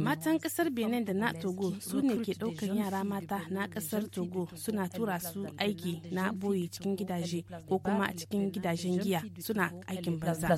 Matan kasar Benin da na Togo su ne ke ɗaukan yara mata na kasar Togo suna tura su aiki na boye cikin gidaje ko kuma a cikin gidajen giya suna aikin banza.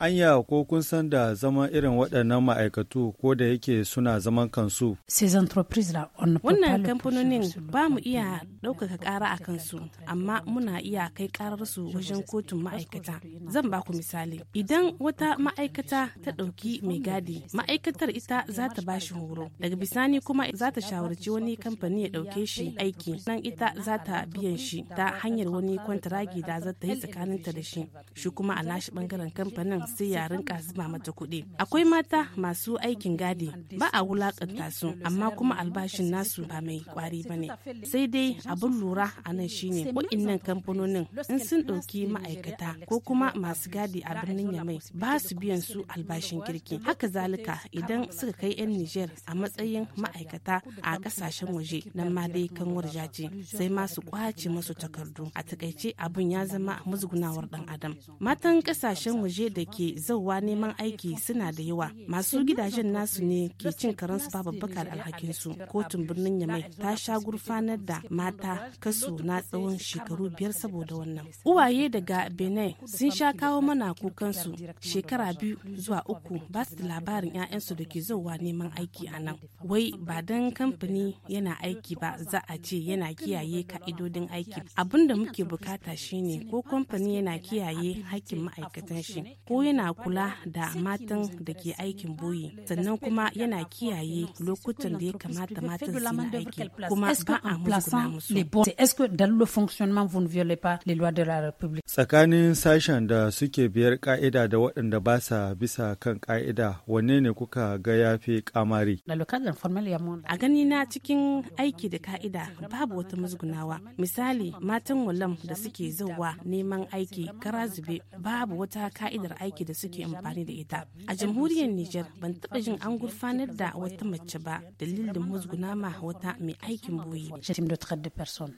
Anya ko kun san da zama irin waɗannan ma'aikatu ko da yake suna zaman kansu. Wannan kamfanonin ba mu iya ɗaukaka ƙara a kansu amma muna iya kai ƙarar su wajen kotun ma'aikata. Zan ba ku misali. Idan wata ma'aikata ta ɗauki mai gadi ma'aikatar ita za ta ba shi horo daga bisani kuma za ta shawarci wani kamfani ya ɗauke shi aiki nan ita za ta biyan shi ta hanyar wani kwantaragi da za ta yi ta da shi shi kuma a nashi bangaren kamfanin sai ya rinka zuba mata kuɗi akwai mata masu aikin gadi ba a wulakanta su amma kuma albashin nasu ba mai kwari ba ne sai dai abin lura a nan shine wa'innan kamfanonin in sun ɗauki ma'aikata ko kuma masu gadi a birnin yamai ba su biyan su albashin kirki haka haka idan suka kai 'yan niger a matsayin ma'aikata a kasashen waje nan ma dai kan warjaji sai ma su kwace masu takardu a takaice abun ya zama musgunawar dan adam matan kasashen waje da ke zauwa neman aiki suna da yawa masu gidajen nasu ne ke cin karansu babu bakar alhakinsu kotun birnin yamai ta sha gurfanar da mata kasu na tsawon shekaru biyar saboda wannan uwaye daga benin sun sha kawo mana kukansu shekara biyu zuwa uku ba su labarin 'ya'yansu da ke zowa neman aiki a nan wai ba don kamfani yana aiki ba za a ce yana kiyaye ka'idodin aiki abin da muke bukata shine ko kamfani yana kiyaye hakkin ma'aikatan shi ko yana kula da matan da ke aikin boye sannan kuma yana kiyaye lokutan da ya kamata matan su yi aiki kuma ba a tsakanin sashen da suke biyar ka'ida da waɗanda ba sa bisa kan ka'ida wanne ne kuka ga ya fi kamari? A gani na cikin aiki da ka'ida babu wata musgunawa. Misali matan walam da suke zauwa neman aiki kara zube babu wata ka'idar aiki da suke amfani da ita. A jamhuriyar Nijar ban taɓa jin an gurfanar da wata mace ba dalilin musguna ma wata mai aikin boye.